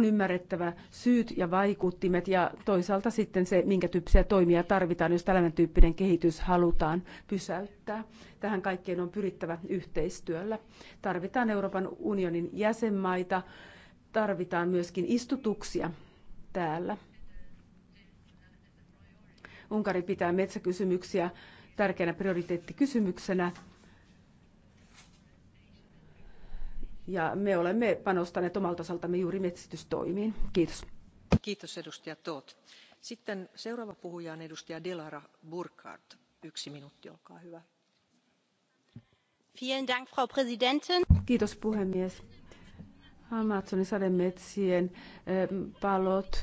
On ymmärrettävä syyt ja vaikuttimet ja toisaalta sitten se, minkä tyyppisiä toimia tarvitaan, jos tällainen tyyppinen kehitys halutaan pysäyttää. Tähän kaikkeen on pyrittävä yhteistyöllä. Tarvitaan Euroopan unionin jäsenmaita, tarvitaan myöskin istutuksia täällä. Unkari pitää metsäkysymyksiä tärkeänä prioriteettikysymyksenä ja me olemme panostaneet omalta osaltamme juuri metsitystoimiin. Kiitos. Kiitos edustaja Toot. Sitten seuraava puhuja on edustaja Delara Burkhardt. Yksi minuutti, olkaa hyvä. Dank, Frau Präsidentin. Kiitos puhemies. Amazonin sademetsien palot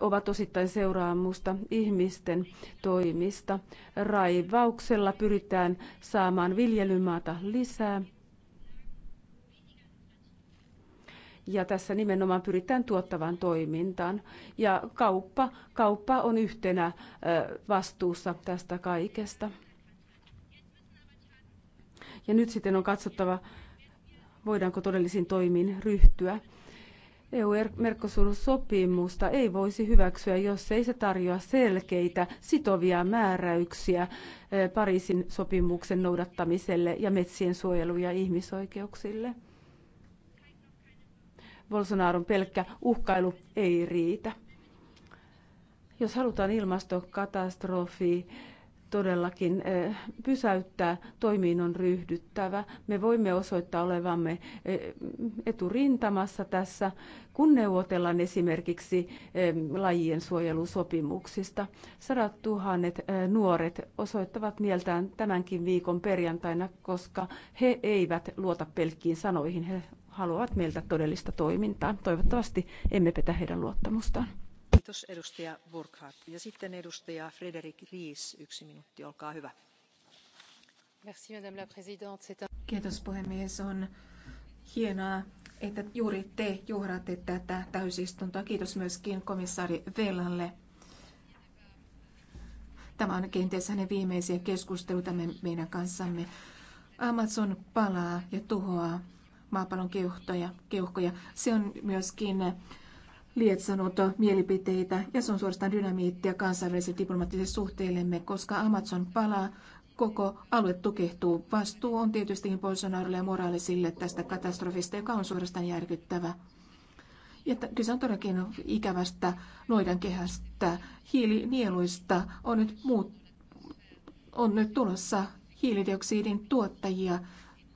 ovat osittain seuraamusta ihmisten toimista. Raivauksella pyritään saamaan viljelymaata lisää ja tässä nimenomaan pyritään tuottavaan toimintaan. Ja kauppa, kauppa on yhtenä vastuussa tästä kaikesta. Ja nyt sitten on katsottava, voidaanko todellisiin toimiin ryhtyä. EU-merkkosuussopimusta ei voisi hyväksyä, jos ei se tarjoa selkeitä sitovia määräyksiä Pariisin sopimuksen noudattamiselle ja metsien suojelu- ja ihmisoikeuksille. Bolsonaron pelkkä uhkailu ei riitä. Jos halutaan ilmastokatastrofi todellakin eh, pysäyttää, toimiin on ryhdyttävä. Me voimme osoittaa olevamme eh, eturintamassa tässä, kun neuvotellaan esimerkiksi eh, lajien suojelusopimuksista. Sadat tuhannet nuoret osoittavat mieltään tämänkin viikon perjantaina, koska he eivät luota pelkkiin sanoihin, he haluavat meiltä todellista toimintaa. Toivottavasti emme petä heidän luottamustaan. Kiitos edustaja Burkhardt. Ja sitten edustaja Frederik Ries, yksi minuutti, olkaa hyvä. Merci, madame la présidente. Kiitos puhemies. On hienoa, että juuri te juhlatte tätä täysistuntoa. Kiitos myöskin komissaari Velalle. Tämä on kenties hänen viimeisiä keskusteluita meidän kanssamme. Amazon palaa ja tuhoaa maapallon keuhtoja, keuhkoja. Se on myöskin lietsonut mielipiteitä ja se on suorastaan dynamiittia kansainvälisille diplomaattisille suhteillemme, koska Amazon palaa, koko alue tukehtuu. Vastuu on tietystikin Bolsonarolle ja moraalisille tästä katastrofista, joka on suorastaan järkyttävä. Ja kyse on todellakin ikävästä noidankehästä. Hiilinieluista on nyt, muut, on nyt tulossa hiilidioksidin tuottajia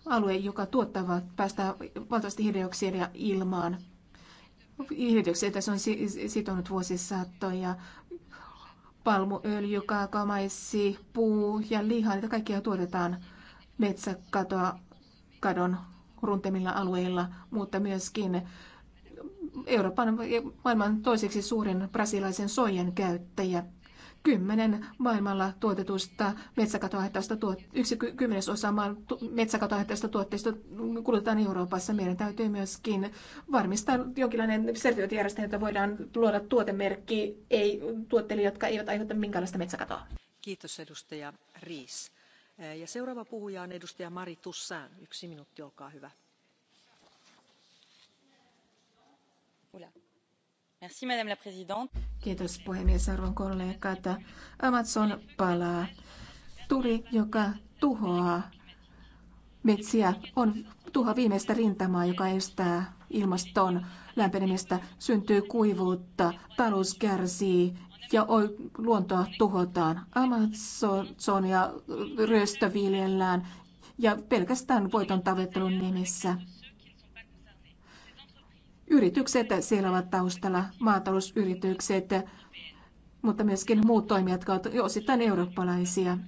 alue, joka tuottaa päästää valtavasti hiilidioksidia ilmaan. Hiilidioksidia se on sitonut vuosisatoja. Palmuöljy, kaakamaissi, puu ja liha, niitä kaikkia tuotetaan metsäkatoa kadon runtemilla alueilla, mutta myöskin Euroopan maailman toiseksi suurin brasilaisen soijan käyttäjä kymmenen maailmalla tuotetusta metsäkatohaittaista tuot, yksi kymmenesosa metsäkatohaittaista tuotteista kulutetaan Euroopassa. Meidän täytyy myöskin varmistaa jonkinlainen sertifiointijärjestelmä, jota voidaan luoda tuotemerkki ei, tuotteille, jotka eivät aiheuta minkäänlaista metsäkatoa. Kiitos edustaja Riis. Ja seuraava puhuja on edustaja Mari Tussään. Yksi minuutti, olkaa hyvä. Merci, madame la présidente Kiitos puhemies, arvon kollegat. Amazon palaa. Tuli, joka tuhoaa metsiä, on tuho viimeistä rintamaa, joka estää ilmaston lämpenemistä, syntyy kuivuutta, talous kärsii ja luontoa tuhotaan. Amazonia ryöstöviljellään ja pelkästään voiton tavoittelun nimissä. Yritykset siellä ovat taustalla, maatalousyritykset, mutta myöskin muut toimijat, jotka ovat osittain eurooppalaisia.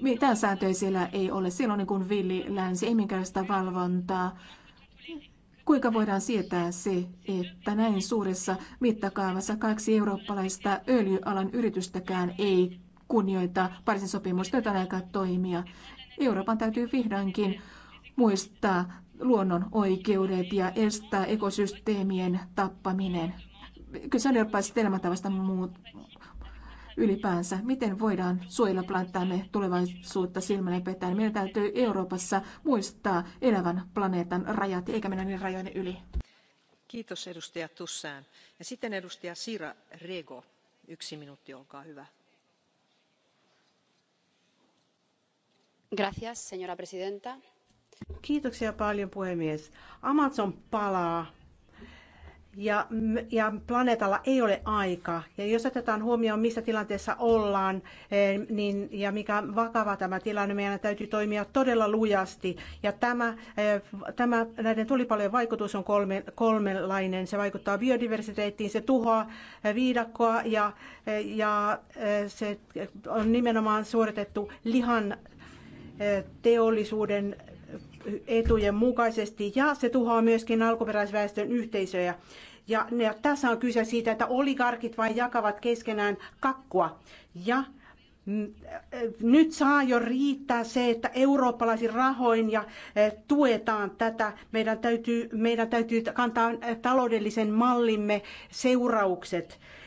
Mitään sääntöjä siellä ei ole. Siellä on niin kuin villi länsi, ei minkäänlaista valvontaa. Kuinka voidaan sietää se, että näin suuressa mittakaavassa kaksi eurooppalaista öljyalan yritystäkään ei kunnioita Pariisin sopimusta, jota aikaa toimia? Euroopan täytyy vihdoinkin muistaa luonnon oikeudet ja estää ekosysteemien tappaminen. Kyse on eurooppalaisesta elämäntavasta muut ylipäänsä. Miten voidaan suojella planeettamme tulevaisuutta silmällä petään? Meidän täytyy Euroopassa muistaa elävän planeetan rajat, eikä mennä niin rajojen yli. Kiitos edustaja Tussään. Ja sitten edustaja Sira Rego. Yksi minuutti, olkaa hyvä. Gracias, señora presidenta Kiitoksia paljon puhemies. Amazon palaa ja, ja planeetalla ei ole aika. Ja jos otetaan huomioon, missä tilanteessa ollaan eh, niin, ja mikä vakava tämä tilanne, meidän täytyy toimia todella lujasti. Ja tämä, eh, tämä, näiden tulipalojen vaikutus on kolme, kolmenlainen. Se vaikuttaa biodiversiteettiin, se tuhoaa eh, viidakkoa ja, ja se on nimenomaan suoritettu lihan teollisuuden etujen mukaisesti ja se tuhoaa myöskin alkuperäisväestön yhteisöjä. Ja, ja tässä on kyse siitä, että oligarkit vain jakavat keskenään kakkua. Ja mm, äh, nyt saa jo riittää se, että eurooppalaisin rahoin ja äh, tuetaan tätä. Meidän täytyy, meidän täytyy kantaa taloudellisen mallimme seuraukset.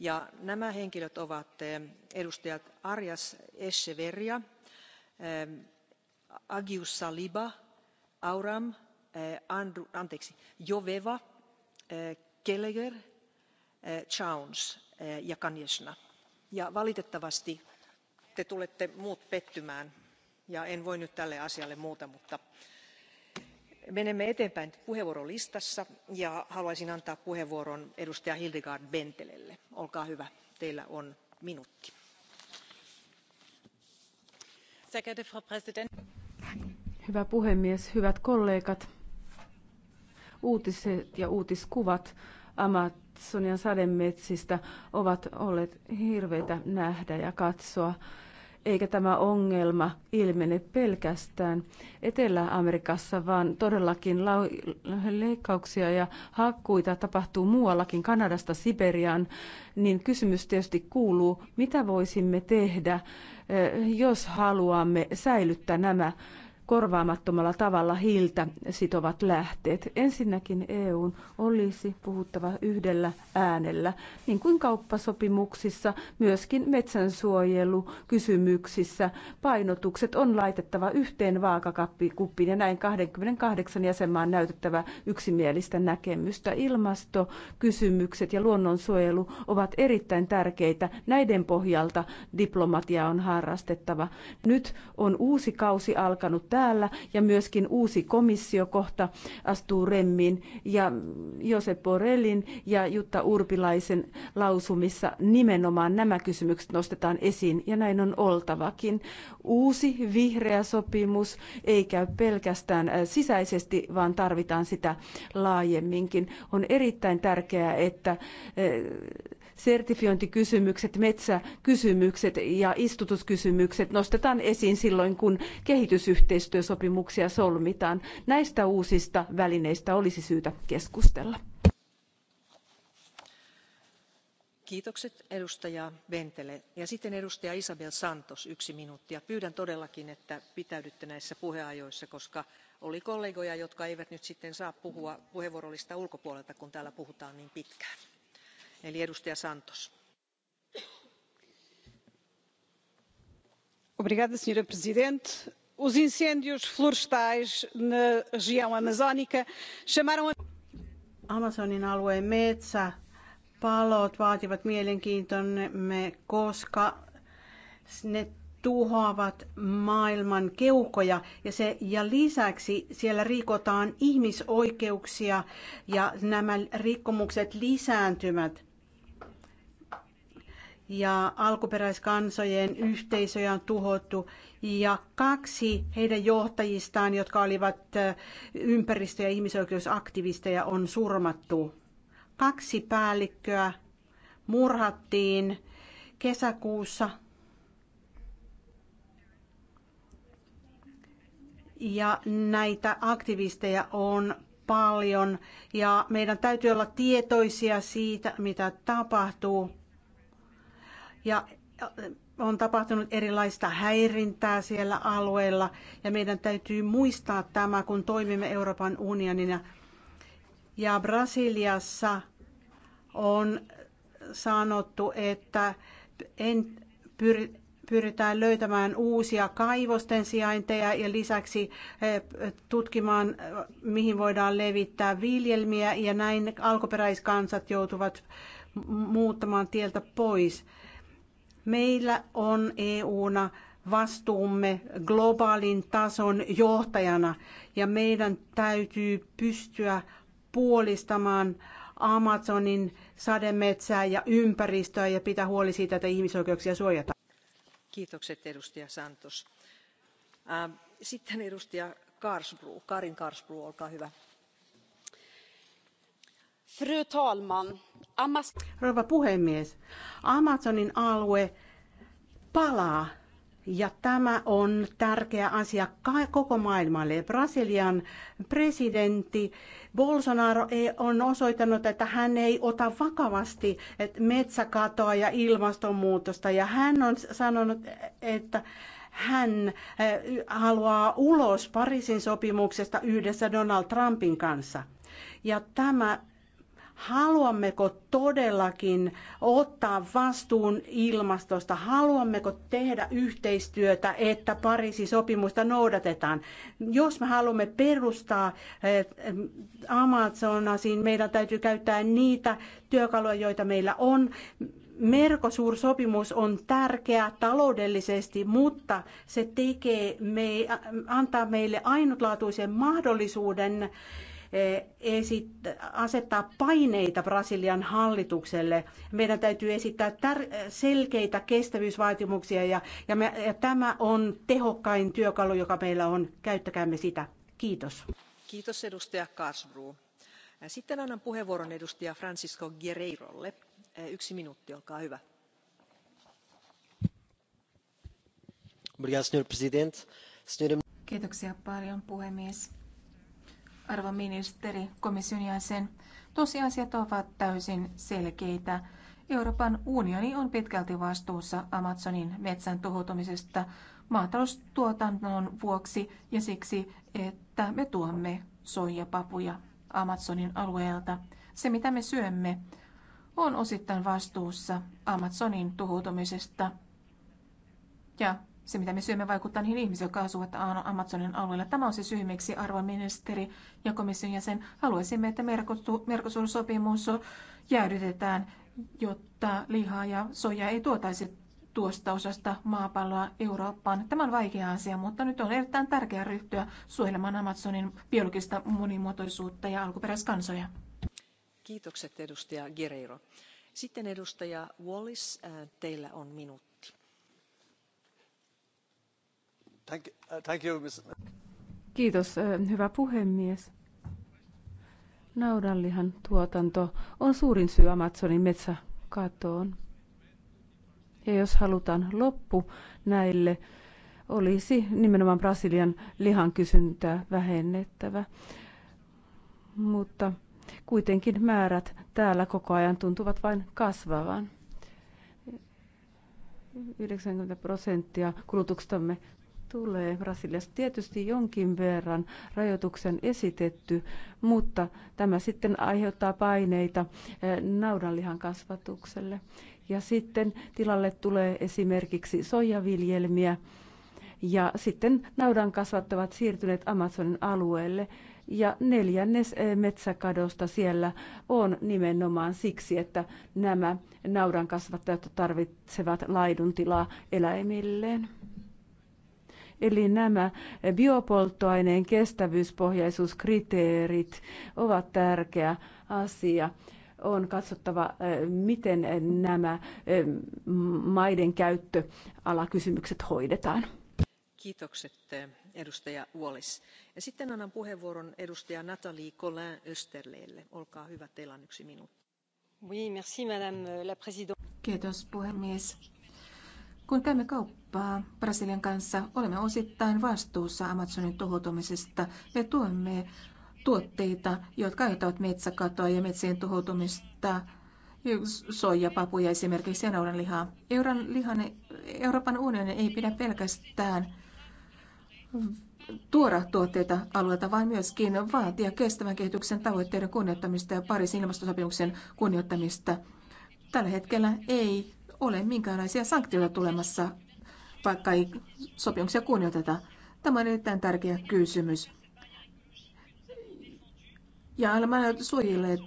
ja nämä henkilöt ovat eh, edustajat arias echeverra eh, agius saliba auram eh, joveva gallagher jones ja konen ja valitettavasti te tulette muut pettymään ja en voi nyt tälle asialle muuta mutta menemme eteenpäin puheenvuorolistassa ja haluaisin antaa puheenvuoron edustaja hildegard bentelelle. olkaa hyvä teillä on minuutti. arvoisa puhemies hyvät kollegat uutiset ja uutiskuvat amazonian sademetsistä ovat olleet hirveitä nähdä ja katsoa eikä tämä ongelma ilmene pelkästään Etelä-Amerikassa, vaan todellakin leikkauksia ja hakkuita tapahtuu muuallakin, Kanadasta Siberiaan, niin kysymys tietysti kuuluu, mitä voisimme tehdä, eh, jos haluamme säilyttää nämä korvaamattomalla tavalla hiiltä sitovat lähteet. Ensinnäkin EUn olisi puhuttava yhdellä äänellä, niin kuin kauppasopimuksissa, myöskin metsänsuojelukysymyksissä. Painotukset on laitettava yhteen vaakakuppiin ja näin 28 jäsenmaan näytettävä yksimielistä näkemystä. Ilmastokysymykset ja luonnonsuojelu ovat erittäin tärkeitä. Näiden pohjalta diplomatia on harrastettava. Nyt on uusi kausi alkanut täällä ja myöskin uusi komissio kohta astuu remmin ja Josep Borellin ja Jutta Urpilaisen lausumissa nimenomaan nämä kysymykset nostetaan esiin ja näin on oltavakin. Uusi vihreä sopimus ei käy pelkästään äh, sisäisesti, vaan tarvitaan sitä laajemminkin. On erittäin tärkeää, että äh, sertifiointikysymykset, metsäkysymykset ja istutuskysymykset nostetaan esiin silloin, kun kehitysyhteistyösopimuksia solmitaan. Näistä uusista välineistä olisi syytä keskustella. Kiitokset edustaja Ventele Ja sitten edustaja Isabel Santos, yksi minuutti. Ja pyydän todellakin, että pitäydytte näissä puheajoissa, koska oli kollegoja, jotka eivät nyt sitten saa puhua puheenvuorolista ulkopuolelta, kun täällä puhutaan niin pitkään eli edustaja santos. señora presidenta los incendios forestales en la amazonin alueen metsäpalot vaativat mielenkiintomme koska ne tuhoavat maailman keuhkoja ja, se, ja lisäksi siellä rikotaan ihmisoikeuksia ja nämä rikkomukset lisääntyvät ja alkuperäiskansojen yhteisöjä on tuhottu ja kaksi heidän johtajistaan, jotka olivat ympäristö- ja ihmisoikeusaktivisteja, on surmattu. Kaksi päällikköä murhattiin kesäkuussa ja näitä aktivisteja on paljon ja meidän täytyy olla tietoisia siitä, mitä tapahtuu ja äh, on tapahtunut erilaista häirintää siellä alueella ja meidän täytyy muistaa tämä, kun toimimme Euroopan unionina. Ja Brasiliassa on sanottu, että en pyri, pyritään löytämään uusia kaivosten sijainteja ja lisäksi äh, tutkimaan, äh, mihin voidaan levittää viljelmiä ja näin alkuperäiskansat joutuvat muuttamaan tieltä pois. Meillä on EUna vastuumme globaalin tason johtajana ja meidän täytyy pystyä puolistamaan Amazonin sademetsää ja ympäristöä ja pitää huoli siitä, että ihmisoikeuksia suojataan. Kiitokset edustaja Santos. Sitten edustaja Karsbru, Karin Karsbru, olkaa hyvä Fru Rouva puhemies, Amazonin alue palaa ja tämä on tärkeä asia koko maailmalle. Brasilian presidentti Bolsonaro e-, on osoittanut, että hän ei ota vakavasti metsäkatoa ja ilmastonmuutosta. Ja hän on sanonut, että hän eh, haluaa ulos Pariisin sopimuksesta yhdessä Donald Trumpin kanssa. Ja tämä haluammeko todellakin ottaa vastuun ilmastosta, haluammeko tehdä yhteistyötä, että Pariisin sopimusta noudatetaan. Jos me haluamme perustaa eh, Amazonasin, meidän täytyy käyttää niitä työkaluja, joita meillä on. Mercosur-sopimus on tärkeä taloudellisesti, mutta se tekee, me, antaa meille ainutlaatuisen mahdollisuuden E, esit- asettaa paineita Brasilian hallitukselle. Meidän täytyy esittää e, selkeitä kestävyysvaatimuksia ja, ja, me, ja tämä on tehokkain työkalu, joka meillä on. Käyttäkäämme sitä. Kiitos. Kiitos edustaja Kasbru. Sitten annan puheenvuoron edustaja Francisco Guerreirolle. Yksi minuutti, olkaa hyvä. Kiitoksia paljon puhemies arvon ministeri, komission jäsen, tosiasiat ovat täysin selkeitä. Euroopan unioni on pitkälti vastuussa Amazonin metsän tuhoutumisesta maataloustuotannon vuoksi ja siksi, että me tuomme soijapapuja Amazonin alueelta. Se, mitä me syömme, on osittain vastuussa Amazonin tuhoutumisesta ja se, mitä me syömme, vaikuttaa niihin ihmisiin, jotka asuvat Amazonin alueella. Tämä on se syy, miksi arvon ministeri ja komission jäsen haluaisimme, että Mercosur-sopimus jäädytetään, jotta lihaa ja soja ei tuotaisi tuosta osasta maapalloa Eurooppaan. Tämä on vaikea asia, mutta nyt on erittäin tärkeää ryhtyä suojelemaan Amazonin biologista monimuotoisuutta ja alkuperäiskansoja. Kiitokset edustaja Gereiro. Sitten edustaja Wallis, äh, teillä on minuutti Thank you, uh, Kiitos, hyvä puhemies. Naudanlihan tuotanto on suurin syy Amazonin metsäkatoon. Ja jos halutaan loppu näille, olisi nimenomaan Brasilian lihan kysyntää vähennettävä. Mutta kuitenkin määrät täällä koko ajan tuntuvat vain kasvavan. 90 prosenttia kulutuksestamme tulee Brasiliasta tietysti jonkin verran rajoituksen esitetty, mutta tämä sitten aiheuttaa paineita eh, naudanlihan kasvatukselle. Ja sitten tilalle tulee esimerkiksi soijaviljelmiä ja sitten naudan kasvattavat siirtyneet Amazonin alueelle ja neljännes eh, metsäkadosta siellä on nimenomaan siksi, että nämä naudan kasvattajat tarvitsevat laiduntilaa eläimilleen. Eli nämä biopolttoaineen kestävyyspohjaisuuskriteerit ovat tärkeä asia on katsottava, miten nämä maiden käyttöalakysymykset hoidetaan. Kiitokset edustaja Wallis. Ja sitten annan puheenvuoron edustaja Nathalie Colin Österleelle. Olkaa hyvä, teillä on yksi minuutti. Oui, merci, madame la Kiitos puhemies. Kun käymme kauppaa Brasilian kanssa, olemme osittain vastuussa Amazonin tuhoutumisesta. Me tuomme tuotteita, jotka aiheuttavat metsäkatoa ja metsien tuhoutumista, soijapapuja esimerkiksi ja naudanlihaa. Euran lihan, Euroopan unioni ei pidä pelkästään tuoda tuotteita alueelta, vaan myöskin vaatia kestävän kehityksen tavoitteiden kunnioittamista ja Pariisin ilmastosopimuksen kunnioittamista. Tällä hetkellä ei ole minkäänlaisia sanktioita tulemassa, vaikka ei sopimuksia kunnioiteta. Tämä on erittäin tärkeä kysymys. Ja olemme suojelleet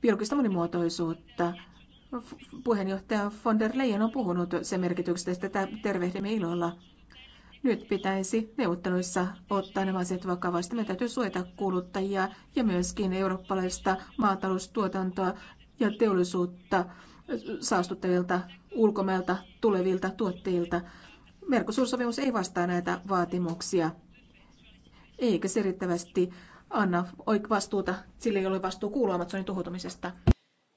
biologista monimuotoisuutta. Puheenjohtaja von der Leyen on puhunut sen merkityksestä, että tervehdimme ilolla. Nyt pitäisi neuvotteluissa ottaa nämä asiat vakavasti. Me täytyy suojata kuluttajia ja myöskin eurooppalaista maataloustuotantoa ja teollisuutta saastuttavilta ulkomailta tulevilta tuotteilta. Merkosuursopimus ei vastaa näitä vaatimuksia, eikä se riittävästi anna vastuuta sille, jolle vastuu, vastuu kuuluu Amazonin tuhoutumisesta.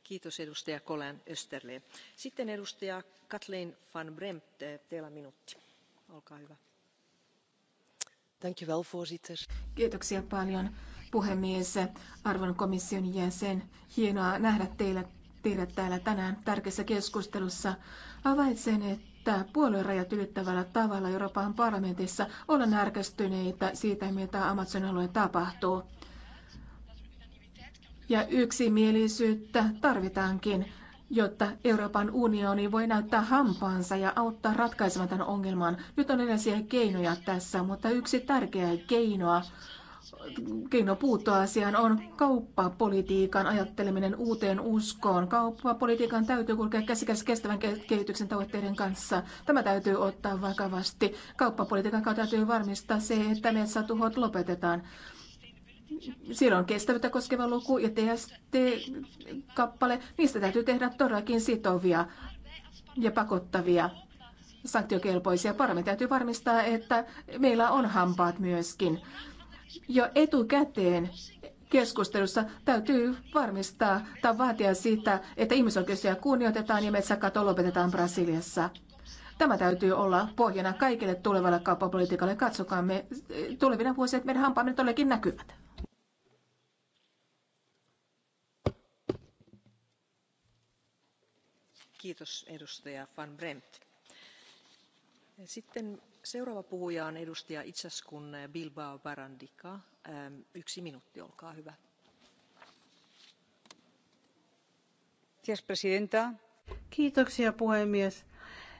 Kiitos edustaja Colin Österle. Sitten edustaja Kathleen van Bremt, teillä minuutti. Olkaa hyvä. Thank you well, voorzitter. Kiitoksia paljon puhemies, arvon komission jäsen. Hienoa nähdä teidät teidät täällä tänään tärkeässä keskustelussa. Havaitsen, että puoluerajat ylittävällä tavalla Euroopan parlamentissa ollaan närkästyneitä siitä, mitä Amazonin alueen tapahtuu. Ja yksimielisyyttä tarvitaankin, jotta Euroopan unioni voi näyttää hampaansa ja auttaa ratkaisemaan tämän ongelman. Nyt on erilaisia keinoja tässä, mutta yksi tärkeä keinoa keino puuttua asiaan on kauppapolitiikan ajatteleminen uuteen uskoon. Kauppapolitiikan täytyy kulkea käsikäs kestävän kehityksen tavoitteiden kanssa. Tämä täytyy ottaa vakavasti. Kauppapolitiikan kautta täytyy varmistaa se, että metsätuhot lopetetaan. Siellä on kestävyyttä koskeva luku ja TST-kappale. Niistä täytyy tehdä todellakin sitovia ja pakottavia sanktiokelpoisia. Paremmin täytyy varmistaa, että meillä on hampaat myöskin jo etukäteen keskustelussa täytyy varmistaa tai vaatia sitä, että ihmisoikeuksia kunnioitetaan ja metsäkato lopetetaan Brasiliassa. Tämä täytyy olla pohjana kaikille tulevalle kauppapolitiikalle. Katsokaamme eh, tulevina vuosina, että meidän hampaamme todellakin näkyvät. Kiitos edustaja Van Bremt. Sitten Seuraava puhuja on edustaja Itsaskun Bilbao Barandika. Ähm, yksi minuutti, olkaa hyvä. Presidenta. Kiitoksia puhemies.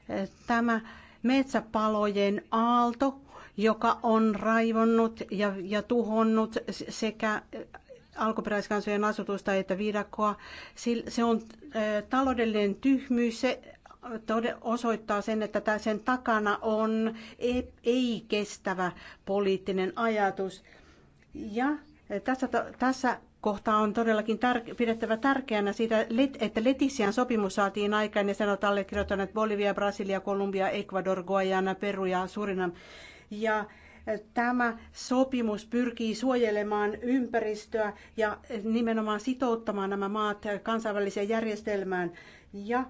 Eh, tämä metsäpalojen aalto, joka on raivonnut ja, ja tuhonnut sekä eh, alkuperäiskansojen asutusta että viidakkoa. Se on eh, taloudellinen tyhmyys, se osoittaa sen, että sen takana on ei-kestävä poliittinen ajatus. Ja tässä, tässä kohtaa on todellakin tär- pidettävä tärkeänä siitä, että Letisian sopimus saatiin aikaan ja sen on allekirjoittanut Bolivia, Brasilia, Kolumbia, Ecuador, Guayana, Peru ja Surinam. Ja e, tämä sopimus pyrkii suojelemaan ympäristöä ja e, nimenomaan sitouttamaan nämä maat e, kansainväliseen järjestelmään. Ja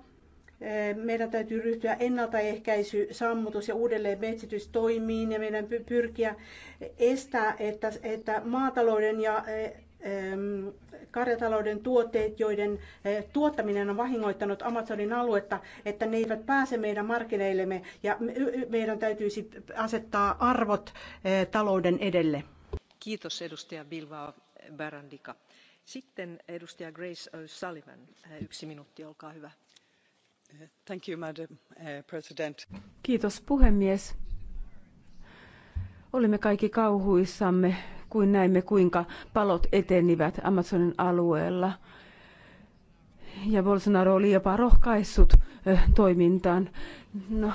Eh, meidän täytyy ryhtyä ennaltaehkäisy, sammutus ja uudelleen metsitystoimiin ja meidän pyrkiä estää, että, että maatalouden ja eh, karjatalouden tuotteet, joiden eh, tuottaminen on vahingoittanut Amazonin aluetta, että ne eivät pääse meidän markkineillemme ja meidän täytyisi asettaa arvot talouden edelle. Kiitos edustaja Bilva Barandika. Sitten edustaja Grace O'Sullivan, yksi minuutti, olkaa hyvä Eh, Kiitos puhemies. Olimme kaikki kauhuissamme, kun näimme kuinka palot etenivät Amazonin alueella. Ja Bolsonaro oli jopa rohkaissut eh, toimintaan. No,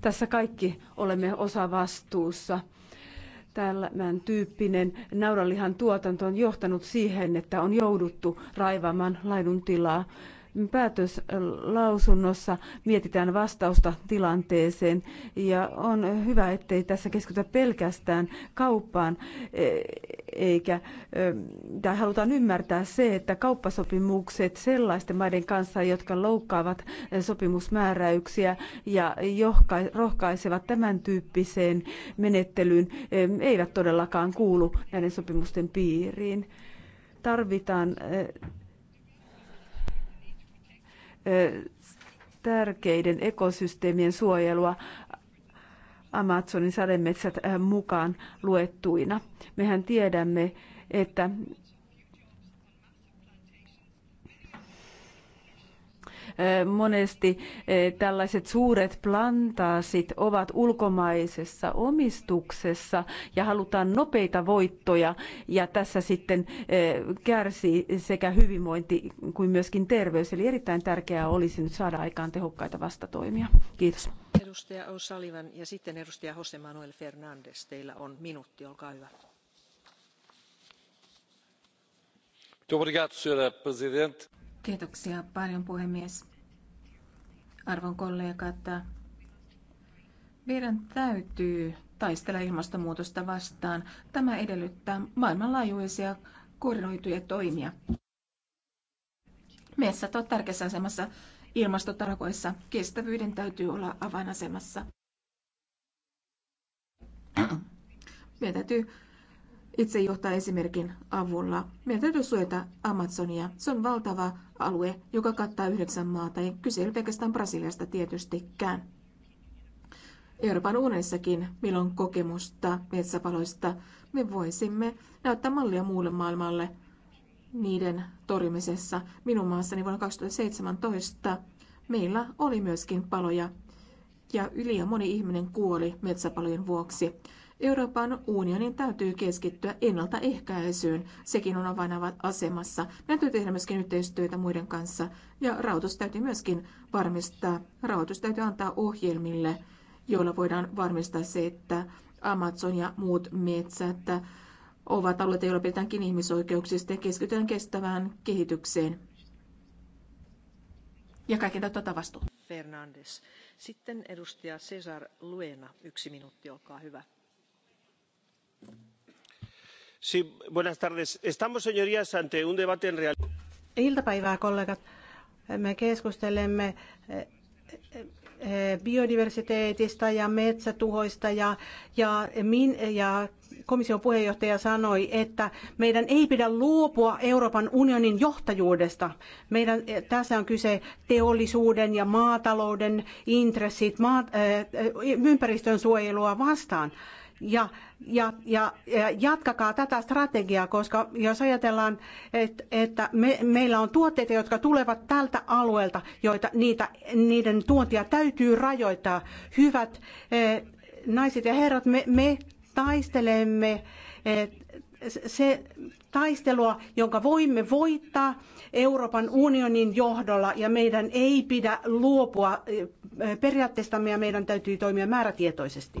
tässä kaikki olemme osa vastuussa tämän tyyppinen naudanlihan tuotanto on johtanut siihen, että on jouduttu raivaamaan laiduntilaa. tilaa päätöslausunnossa mietitään vastausta tilanteeseen ja on hyvä, ettei tässä keskitytä pelkästään kauppaan e, eikä e, tai halutaan ymmärtää se, että kauppasopimukset sellaisten maiden kanssa, jotka loukkaavat sopimusmääräyksiä ja rohkaisevat tämän tyyppiseen menettelyyn, e, eivät todellakaan kuulu näiden sopimusten piiriin tarvitaan tärkeiden ekosysteemien suojelua Amazonin sademetsät mukaan luettuina. Mehän tiedämme, että Monesti tällaiset suuret plantaasit ovat ulkomaisessa omistuksessa ja halutaan nopeita voittoja ja tässä sitten kärsii sekä hyvinvointi kuin myöskin terveys. Eli erittäin tärkeää olisi nyt saada aikaan tehokkaita vastatoimia. Kiitos. Edustaja O'Sullivan ja sitten edustaja Jose Manuel Fernandes. Teillä on minuutti, olkaa hyvä. Kiitoksia paljon puhemies. Arvon että meidän täytyy taistella ilmastonmuutosta vastaan. Tämä edellyttää maailmanlaajuisia koordinoituja toimia. Metsät ovat tärkeässä asemassa ilmastotarkoissa. Kestävyyden täytyy olla avainasemassa. Meidän täytyy itse johtaa esimerkin avulla. Meidän täytyy suojata Amazonia. Se on valtava alue, joka kattaa yhdeksän maata, ja kyse ei ole pelkästään Brasiliasta tietystikään. Euroopan unessakin meillä on kokemusta metsäpaloista. Me voisimme näyttää mallia muulle maailmalle niiden torjumisessa. Minun maassani vuonna 2017 meillä oli myöskin paloja ja yli ja moni ihminen kuoli metsäpalojen vuoksi. Euroopan unionin täytyy keskittyä ennaltaehkäisyyn. Sekin on avainasemassa. Meidän täytyy tehdä myöskin yhteistyötä muiden kanssa ja rahoitus täytyy myöskin varmistaa. Rahoitus täytyy antaa ohjelmille, joilla voidaan varmistaa se, että Amazon ja muut metsät ovat alueita, joilla pidetäänkin ihmisoikeuksista ja keskitytään kestävään kehitykseen. Ja kaiken täytyy ottaa vastuu. Fernandes. Sitten edustaja Cesar Luena, yksi minuutti, olkaa hyvä Iltapäivää kollegat. Me keskustelemme eh, eh, biodiversiteetistä ja metsätuhoista ja, ja, min, ja komission puheenjohtaja sanoi, että meidän ei pidä luopua Euroopan unionin johtajuudesta. Meidän, eh, tässä on kyse teollisuuden ja maatalouden intressit, maat, ympäristön suojelua vastaan ja, ja, ja, ja jatkakaa tätä strategiaa, koska jos ajatellaan, että, että me, meillä on tuotteita, jotka tulevat tältä alueelta, joita niitä, niiden tuontia täytyy rajoittaa. Hyvät e, naiset ja herrat, me, me taistelemme e, se taistelua, jonka voimme voittaa Euroopan unionin johdolla ja meidän ei pidä luopua eh, periaatteistamme ja meidän täytyy toimia määrätietoisesti.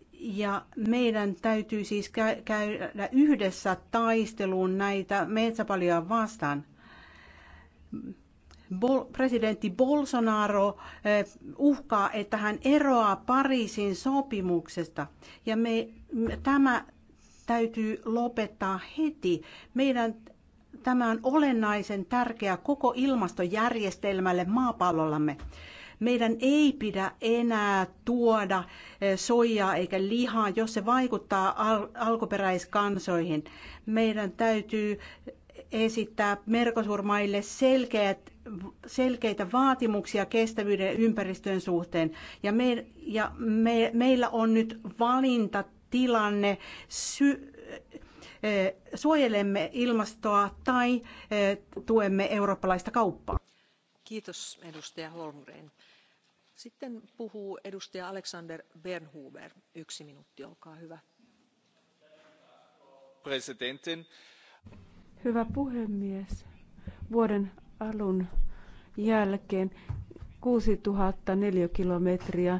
ja meidän täytyy siis käydä yhdessä taisteluun näitä metsäpalioja vastaan. Bol- presidentti Bolsonaro eh, uhkaa, että hän eroaa Pariisin sopimuksesta. Ja me, tämä täytyy lopettaa heti. Meidän tämä on olennaisen tärkeä koko ilmastojärjestelmälle maapallollamme. Meidän ei pidä enää tuoda eh, soijaa eikä lihaa, jos se vaikuttaa al- alkuperäiskansoihin. Meidän täytyy esittää merkosurmaille selkeät selkeitä vaatimuksia kestävyyden ja ympäristön suhteen. Ja, me, ja me, meillä on nyt valintatilanne, sy, eh, suojelemme ilmastoa tai eh, tuemme eurooppalaista kauppaa. Kiitos edustaja Holmgren. Sitten puhuu edustaja Alexander Yksi minuutti, hyvä. Presidentin. Hyvä puhemies. Vuoden alun jälkeen 6004 kilometriä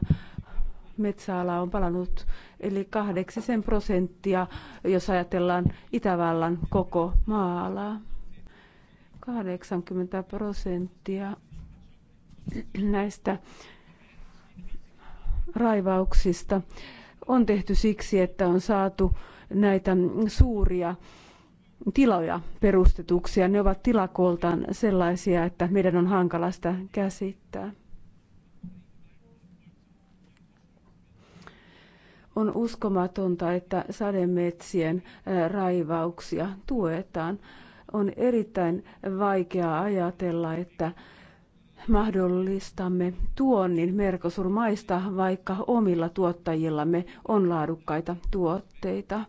metsäala on palanut, eli kahdeksisen prosenttia, jos ajatellaan Itävallan koko maa-alaa. 80 prosenttia näistä raivauksista on tehty siksi, että on saatu näitä suuria tiloja perustetuksi ja ne ovat tilakooltaan sellaisia, että meidän on hankala sitä käsittää. On uskomatonta, että sademetsien raivauksia tuetaan. On erittäin vaikea ajatella, että mahdollistamme tuonnin merkosurmaista, vaikka omilla tuottajillamme on laadukkaita tuotteita.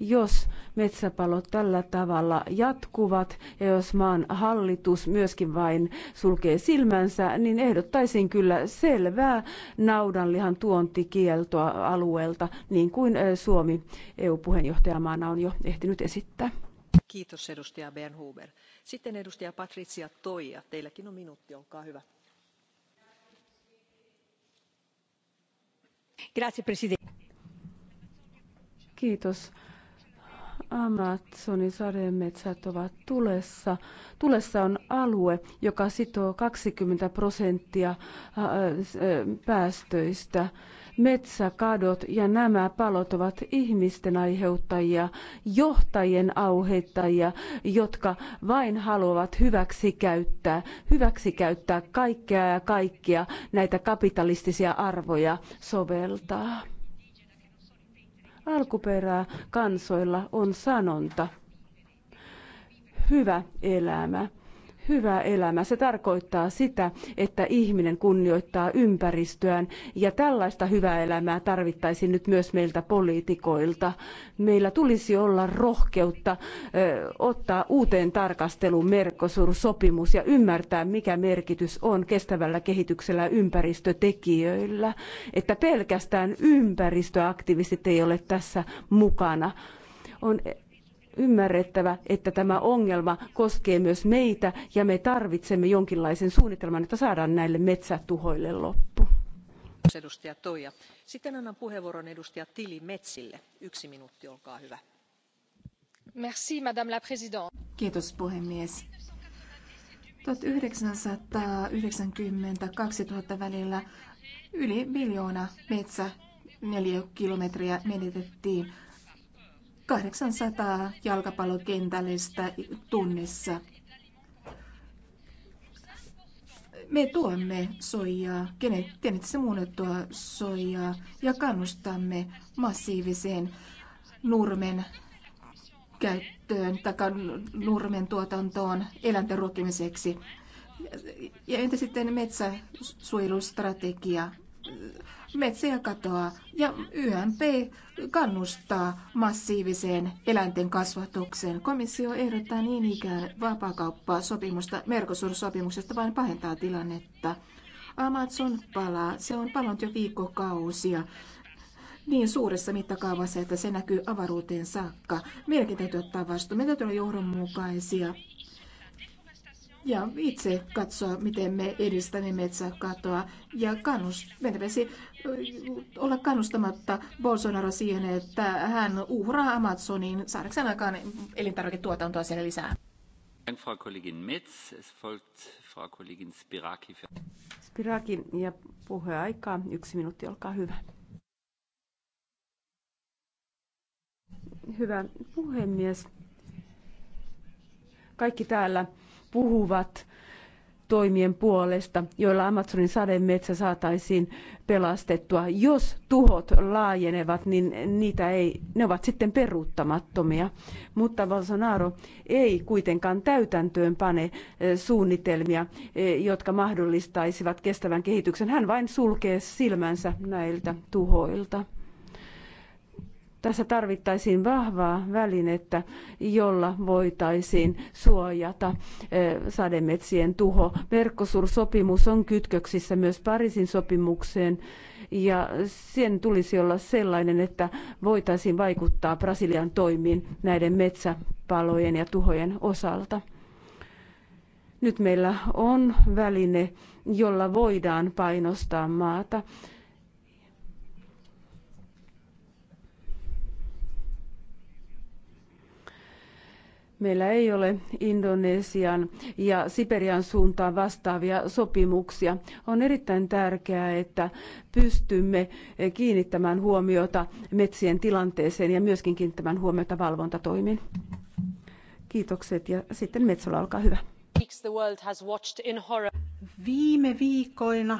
Jos metsäpalot tällä tavalla jatkuvat ja jos maan hallitus myöskin vain sulkee silmänsä, niin ehdottaisin kyllä selvää naudanlihan tuontikieltoa alueelta, niin kuin eh, Suomi EU-puheenjohtajamaana on jo ehtinyt esittää. Kiitos edustaja Bernhuber. Sitten edustaja Patricia on hyvä. Kiitos. Amazonin sademetsät ovat tulessa. Tulessa on alue, joka sitoo 20 prosenttia päästöistä metsäkadot ja nämä palot ovat ihmisten aiheuttajia, johtajien auheittajia, jotka vain haluavat hyväksikäyttää, hyväksikäyttää kaikkea ja kaikkia näitä kapitalistisia arvoja soveltaa. Alkuperää kansoilla on sanonta. Hyvä elämä Hyvä elämä, se tarkoittaa sitä, että ihminen kunnioittaa ympäristöään ja tällaista hyvää elämää tarvittaisiin nyt myös meiltä poliitikoilta. Meillä tulisi olla rohkeutta ö, ottaa uuteen tarkasteluun Mercosur-sopimus ja ymmärtää, mikä merkitys on kestävällä kehityksellä ympäristötekijöillä. Että pelkästään ympäristöaktivistit ei ole tässä mukana. On ymmärrettävä, että tämä ongelma koskee myös meitä ja me tarvitsemme jonkinlaisen suunnitelman, että saadaan näille metsätuhoille loppu. Edustaja Toija. Sitten annan puheenvuoron edustaja Tili Metsille. Yksi minuutti, olkaa hyvä. Merci, Madame la Présidente. Kiitos puhemies. 1990-2000 välillä yli miljoona metsä neliökilometriä menetettiin 800 jalkapallokentällistä tunnissa. Me tuomme soijaa, geneettisesti muunnettua soijaa ja kannustamme massiiviseen nurmen käyttöön tai nurmen tuotantoon eläinten ruokimiseksi. Ja entä sitten metsäsuojelustrategia? metsiä katoaa ja YMP kannustaa massiiviseen eläinten kasvatukseen. Komissio ehdottaa niin ikään vapaakauppaa sopimusta, Mercosur-sopimuksesta vain pahentaa tilannetta. Amazon palaa, se on palannut jo viikkokausia niin suuressa mittakaavassa, että se näkyy avaruuteen saakka. Meidänkin täytyy ottaa vastuu, meidän täytyy olla johdonmukaisia ja itse katsoa, miten me edistämme metsäkatoa ja meidän menevesi, olla kannustamatta Bolsonaro siihen, että hän uhraa Amazonin saadakseen aikaan elintarviketuotantoa siellä lisää. Frau Kollegin Metz, es folgt Frau Kollegin Spiraki. Spiraki ja puheaikaa. Yksi minuutti, olkaa hyvä. Hyvä puhemies. Kaikki täällä puhuvat toimien puolesta, joilla Amazonin sademetsä saataisiin pelastettua. Jos tuhot laajenevat, niin niitä ei, ne ovat sitten peruuttamattomia. Mutta Bolsonaro ei kuitenkaan täytäntöön pane eh, suunnitelmia, eh, jotka mahdollistaisivat kestävän kehityksen. Hän vain sulkee silmänsä näiltä tuhoilta. Tässä tarvittaisiin vahvaa välinettä, jolla voitaisiin suojata eh, sademetsien tuho. Mercosur-sopimus on kytköksissä myös Pariisin sopimukseen ja sen tulisi olla sellainen, että voitaisiin vaikuttaa Brasilian toimiin näiden metsäpalojen ja tuhojen osalta. Nyt meillä on väline, jolla voidaan painostaa maata Meillä ei ole Indonesian ja Siperian suuntaan vastaavia sopimuksia. On erittäin tärkeää, että pystymme kiinnittämään huomiota metsien tilanteeseen ja myöskin kiinnittämään huomiota valvontatoimiin. Kiitokset ja sitten Metsola, olkaa hyvä. Viime viikkoina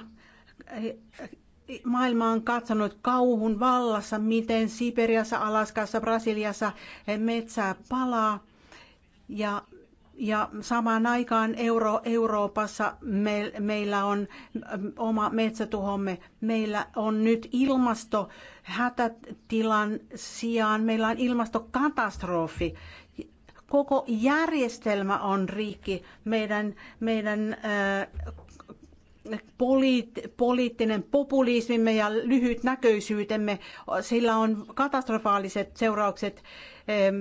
eh, eh, maailma on katsonut kauhun vallassa, miten Siperiassa, Alaskassa, Brasiliassa eh, metsää palaa ja ja samaan aikaan Euro, Euroopassa me, meillä on mm, oma metsätuhomme. Meillä on nyt ilmastohätätilan sijaan, meillä on ilmastokatastrofi. Koko järjestelmä on rikki. Meidän, meidän ää, poliit, poliittinen populismimme ja lyhytnäköisyytemme, sillä on katastrofaaliset seuraukset Ää,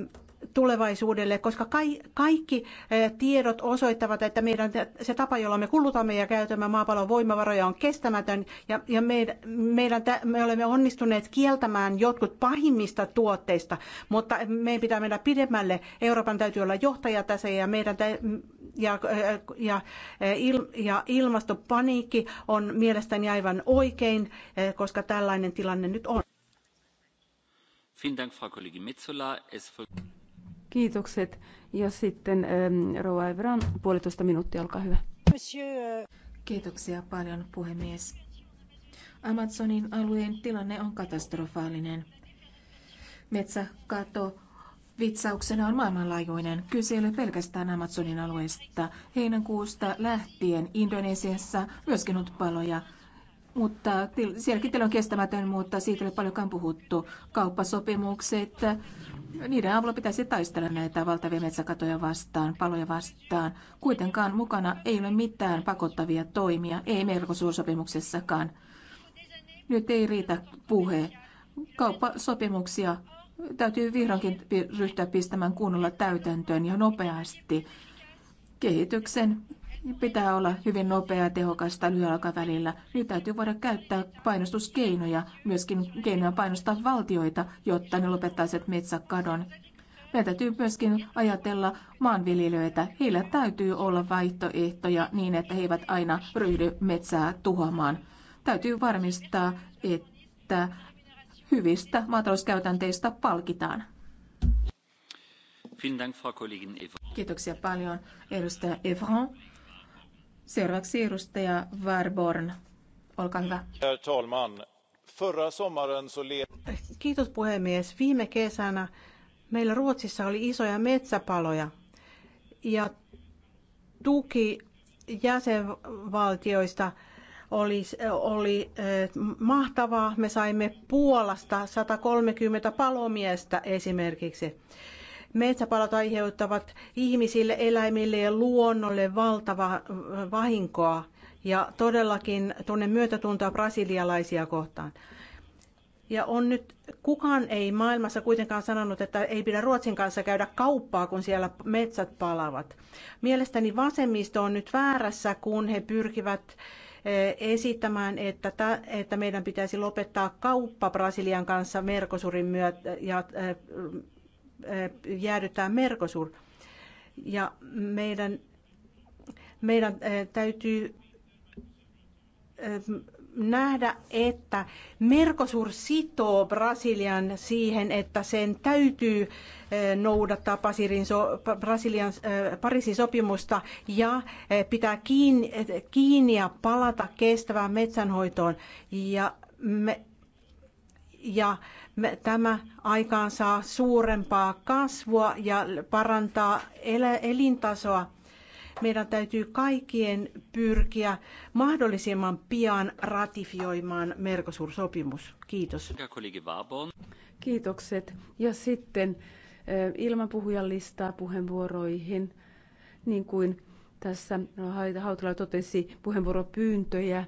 tulevaisuudelle, koska kaikki eh, tiedot osoittavat, että meidän se tapa, jolla me kulutamme ja käytämme maapallon voimavaroja on kestämätön ja, ja meidän, meidän, me olemme onnistuneet kieltämään jotkut pahimmista tuotteista, mutta meidän pitää mennä pidemmälle. Euroopan täytyy olla johtaja tässä ja meidän ja, eh, ja, eh, il, ja ilmastopaniikki on mielestäni aivan oikein, koska tällainen tilanne nyt on. Vielen Dank, Frau Kollegin Metzola. Es folgt... Kiitokset. Ja sitten ähm, Rova Evran, puolitoista minuuttia, olkaa hyvä. Monsieur. Kiitoksia paljon, puhemies. Amazonin alueen tilanne on katastrofaalinen. Metsäkato vitsauksena on maailmanlaajuinen. Kyse ei ole pelkästään Amazonin alueesta. Heinäkuusta lähtien Indonesiassa myöskin on paloja mutta sielläkin teillä on kestämätön, mutta siitä ei ole paljonkaan puhuttu. Kauppasopimukset, niiden avulla pitäisi taistella näitä valtavia metsäkatoja vastaan, paloja vastaan. Kuitenkaan mukana ei ole mitään pakottavia toimia, ei Mercosur-sopimuksessakaan. Nyt ei riitä puhe. Kauppasopimuksia täytyy vihdoinkin ryhtyä pistämään kunnolla täytäntöön ja nopeasti. Kehityksen pitää olla hyvin nopeaa ja tehokasta lyhyellä aikavälillä. Nyt niin täytyy voida käyttää painostuskeinoja, myöskin keinoja painostaa valtioita, jotta ne lopettaisivat metsäkadon. Meidän täytyy myöskin ajatella maanviljelijöitä. Heillä täytyy olla vaihtoehtoja niin, että he eivät aina ryhdy metsää tuhoamaan. Täytyy varmistaa, että hyvistä maatalouskäytänteistä palkitaan. Kiitoksia paljon, edustaja Evron. Seuraavaksi edustaja Värborn. Olkaa hyvä. Herr talman. Förra sommaren så Kiitos puhemies. Viime kesänä meillä Ruotsissa oli isoja metsäpaloja ja tuki jäsenvaltioista oli, oli eh, mahtavaa. Me saimme Puolasta 130 palomiestä esimerkiksi. Metsäpalot aiheuttavat ihmisille, eläimille ja luonnolle valtavaa äh, vahinkoa ja todellakin tunnen myötätuntoa brasilialaisia kohtaan. Ja on nyt, kukaan ei maailmassa kuitenkaan sanonut, että ei pidä Ruotsin kanssa käydä kauppaa, kun siellä metsät palavat. Mielestäni vasemmisto on nyt väärässä, kun he pyrkivät eh, esittämään, että, että meidän pitäisi lopettaa kauppa Brasilian kanssa Mercosurin myötä ja eh, Eh, jäädyttää merkosur, Ja meidän, meidän eh, täytyy eh, nähdä, että Mercosur sitoo Brasilian siihen, että sen täytyy noudattaa Brasilian Pariisin sopimusta ja pitää kiinni, kiinni ja palata kestävään metsänhoitoon. Ja me, ja tämä aikaansaa suurempaa kasvua ja parantaa elintasoa. Meidän täytyy kaikkien pyrkiä mahdollisimman pian ratifioimaan Mercosur-sopimus. Kiitos. Kiitokset. Ja sitten ilman listaa puheenvuoroihin, niin kuin tässä Hautala totesi puheenvuoropyyntöjä eh,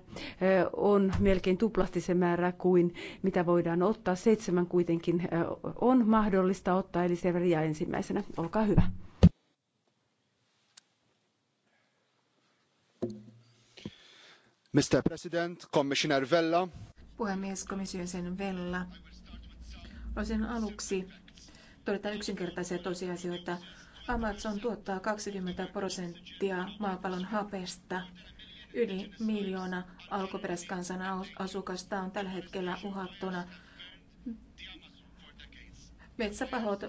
on melkein tuplasti se määrä kuin mitä voidaan ottaa. Seitsemän kuitenkin eh, on mahdollista ottaa, eli Severia ensimmäisenä. Olkaa hyvä. Mr. President, Commissioner Vella. Puhemies, komission sen Vella. Olisin aluksi todeta yksinkertaisia tosiasioita. Amazon tuottaa 20 prosenttia maapallon hapesta. Yli miljoona alkuperäiskansan asukasta on tällä hetkellä uhattuna. Metsäpalot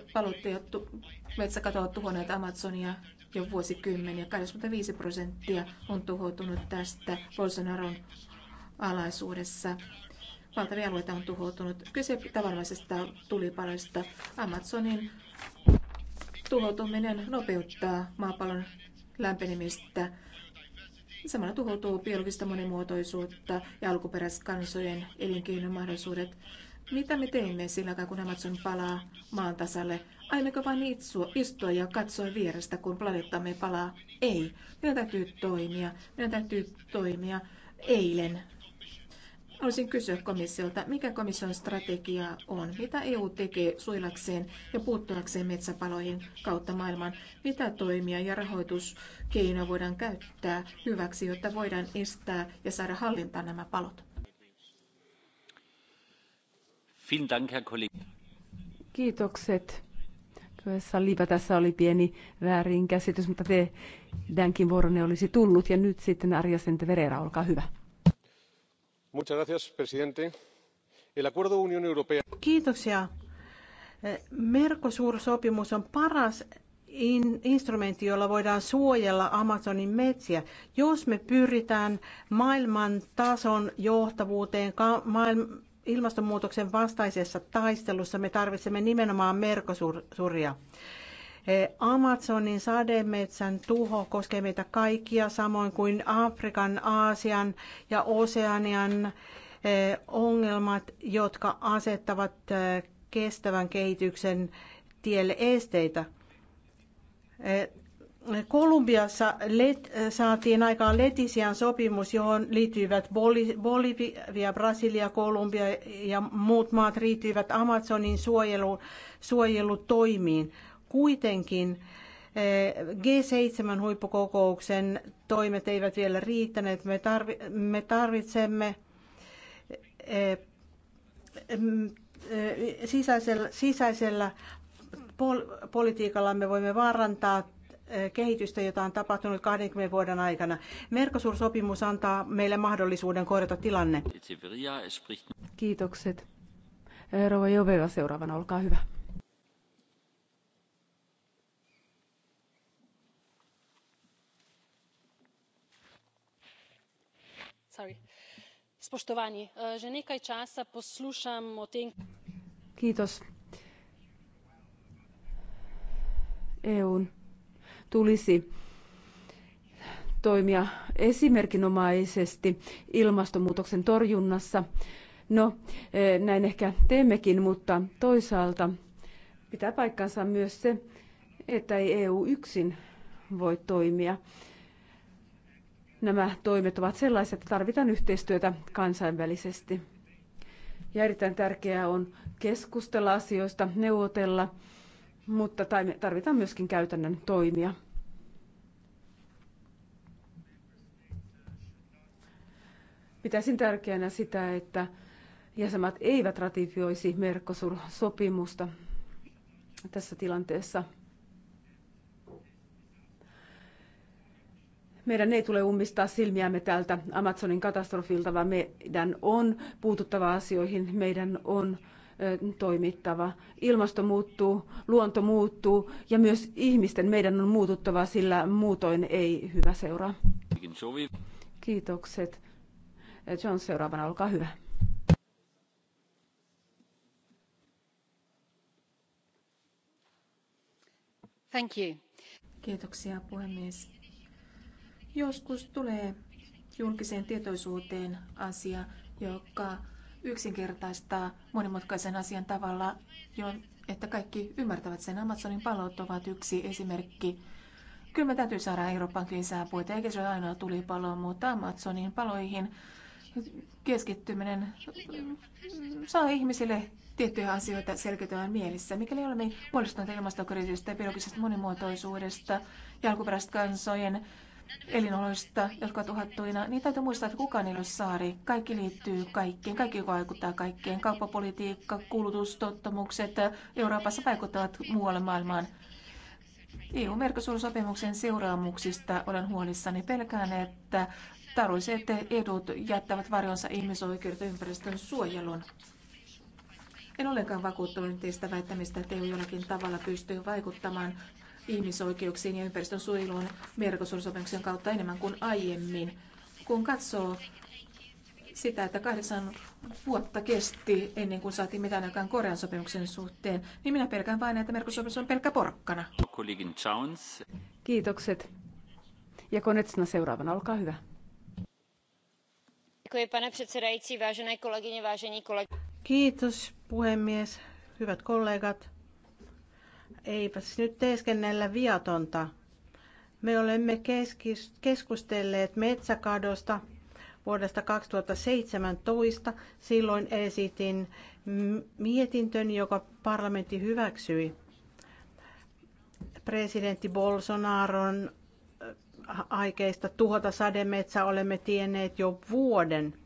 ja tuhonneet Amazonia jo vuosikymmeniä. 85 prosenttia on tuhoutunut tästä Bolsonaron alaisuudessa. Valtavia alueita on tuhoutunut. Kyse tavanomaisesta tulipaloista. Amazonin tuhoutuminen nopeuttaa maapallon lämpenemistä. Samalla tuhoutuu biologista monimuotoisuutta ja alkuperäiskansojen elinkeinomahdollisuudet. Mitä me teemme sillä aikaa, kun Amazon palaa maan tasalle? Aimmeko vain itsua, istua ja katsoa vierestä, kun planeettamme palaa? Ei. Meidän täytyy toimia. Meidän täytyy toimia eilen Haluaisin kysyä komissiolta, mikä komission strategia on? Mitä EU tekee suilakseen ja puuttuakseen metsäpaloihin kautta maailman? Mitä toimia ja rahoituskeinoja voidaan käyttää hyväksi, jotta voidaan estää ja saada hallintaan nämä palot? Kiitokset. Saliva, tässä oli pieni väärinkäsitys, mutta te teidänkin vuoronne olisi tullut. Ja nyt sitten Arja Sente Verera, olkaa hyvä. Kiitoksia. Mercosur-sopimus on paras in, instrumentti, jolla voidaan suojella Amazonin metsiä. Jos me pyritään maailman tason johtavuuteen ka, ilmastonmuutoksen vastaisessa taistelussa, me tarvitsemme nimenomaan Mercosuria. Eh, Amazonin sademetsän tuho koskee meitä kaikkia, samoin kuin Afrikan, Aasian ja Oseanian eh, ongelmat, jotka asettavat eh, kestävän kehityksen tielle esteitä. Kolumbiassa let, saatiin aikaan Letisian sopimus, johon liittyivät Bolivia, Brasilia, Kolumbia ja muut maat liittyivät Amazonin suojelu, suojelutoimiin. Kuitenkin eh, G7-huippukokouksen toimet eivät vielä riittäneet. Me, tarvitsemme eh, mm, eh, sisäisellä, sisäisellä politiikalla me voimme vaarantaa kehitystä, jota on tapahtunut 20 vuoden aikana. Merkosur sopimus antaa meille mahdollisuuden korjata tilanne. Kiitokset. Rova Joveva seuraavana, olkaa hyvä. Spoštovani, eh, že nekaj časa poslušam o tem... Kiitos. EUn tulisi toimia esimerkinomaisesti ilmastonmuutoksen torjunnassa. No, eh, näin ehkä teemmekin, mutta toisaalta pitää paikkansa myös se, että ei EU yksin voi toimia nämä toimet ovat sellaisia, että tarvitaan yhteistyötä kansainvälisesti. Ja erittäin tärkeää on keskustella asioista, neuvotella, mutta tarvitaan myöskin käytännön toimia. Pitäisin tärkeänä sitä, että jäsenmaat eivät ratifioisi Mercosur-sopimusta tässä tilanteessa – Meidän ei tule ummistaa silmiämme tältä Amazonin katastrofilta, vaan meidän on puututtava asioihin, meidän on toimittava. Ilmasto muuttuu, luonto muuttuu ja myös ihmisten meidän on muututtava, sillä muutoin ei hyvä seuraa. Kiitokset. John seuraavana, olkaa hyvä. Thank you. Kiitoksia puhemies. Joskus tulee julkiseen tietoisuuteen asia, joka yksinkertaistaa monimutkaisen asian tavalla, että kaikki ymmärtävät sen. Amazonin palot ovat yksi esimerkki. Kyllä me täytyy saada Euroopan lisää puita, eikä se ole ainoa tulipalo, mutta Amazonin paloihin keskittyminen saa ihmisille tiettyjä asioita selkeytymään mielessä. Mikäli olemme huolestuneita ilmastokriisistä ja biologisesta monimuotoisuudesta ja alkuperäiskansojen elinoloista, jotka ovat uhattuina, niin täytyy muistaa, että kukaan ei ole saari. Kaikki liittyy kaikkeen, kaikki vaikuttaa kaikkeen. Kauppapolitiikka, kulutustottumukset Euroopassa vaikuttavat muualle maailmaan. EU-merkosuursopimuksen seuraamuksista olen huolissani. Pelkään, että taloudelliset edut jättävät varjonsa ihmisoikeudet ja ympäristön suojelun. En ollenkaan vakuuttunut teistä väittämistä, että EU jollakin tavalla pystyy vaikuttamaan ihmisoikeuksien ja ympäristön suojeluun Mercosur-sopimuksen kautta enemmän kuin aiemmin. Kun katsoo sitä, että kahdeksan vuotta kesti ennen kuin saatiin mitään aikaan Korean sopimuksen suhteen, niin minä pelkään vain, että Mercosur-sopimus on pelkkä porkkana. Kiitokset. Ja Konetsna seuraavana, olkaa hyvä. Kiitos puhemies, hyvät kollegat eipäs nyt teeskennellä viatonta. Me olemme keskustelleet metsäkadosta vuodesta 2017. Silloin esitin mietintön, joka parlamentti hyväksyi. Presidentti Bolsonaron äh, aikeista tuhota sademetsä olemme tienneet jo vuoden –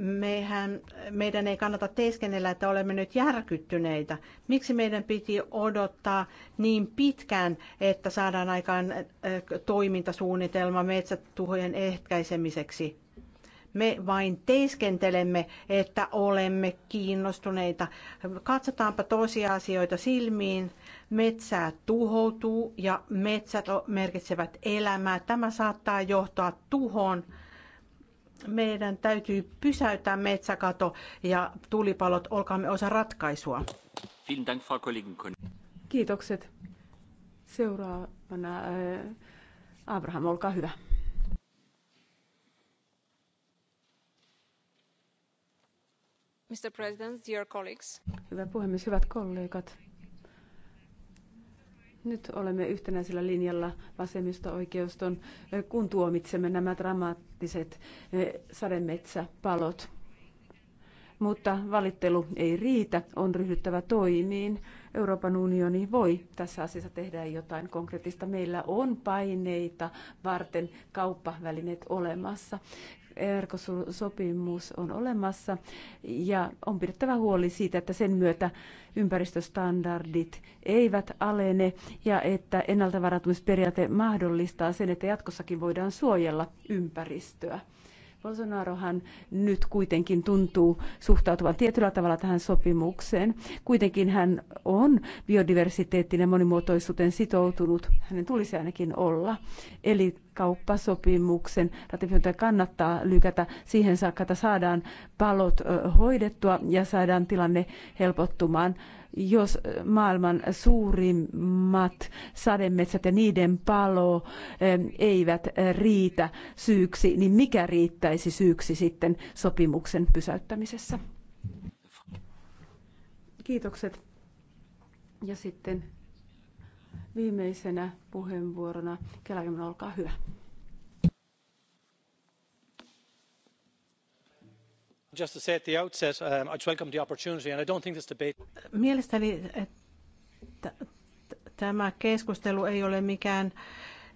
mehän, meidän ei kannata teeskennellä, että olemme nyt järkyttyneitä. Miksi meidän piti odottaa niin pitkään, että saadaan aikaan äh, toimintasuunnitelma metsätuhojen ehkäisemiseksi? Me vain teeskentelemme, että olemme kiinnostuneita. Katsotaanpa tosiasioita silmiin. Metsää tuhoutuu ja metsät merkitsevät elämää. Tämä saattaa johtaa tuhoon meidän täytyy pysäyttää metsäkato ja tulipalot, olkaamme osa ratkaisua. Kiitokset. Seuraavana äh, Abraham, olkaa hyvä. Mr. President, dear colleagues. Hyvä puhemies, hyvät kollegat nyt olemme yhtenäisellä linjalla vasemmisto-oikeuston, kun tuomitsemme nämä dramaattiset sademetsäpalot. Mutta valittelu ei riitä, on ryhdyttävä toimiin. Euroopan unioni voi tässä asiassa tehdä jotain konkreettista. Meillä on paineita varten kauppavälineet olemassa sopimus on olemassa ja on pidettävä huoli siitä, että sen myötä ympäristöstandardit eivät alene ja että ennaltavaratumisperiaate mahdollistaa sen, että jatkossakin voidaan suojella ympäristöä. Bolsonarohan nyt kuitenkin tuntuu suhtautuvan tietyllä tavalla tähän sopimukseen. Kuitenkin hän on biodiversiteettinen monimuotoisuuteen sitoutunut. Hänen tulisi ainakin olla. Eli kauppasopimuksen ratifiointia kannattaa lykätä siihen saakka, että saadaan palot hoidettua ja saadaan tilanne helpottumaan jos maailman suurimmat sademetsät ja niiden palo eivät riitä syyksi, niin mikä riittäisi syyksi sitten sopimuksen pysäyttämisessä? Kiitokset. Ja sitten viimeisenä puheenvuorona Kelaimon, olkaa hyvä. Mielestäni tämä keskustelu ei ole mikään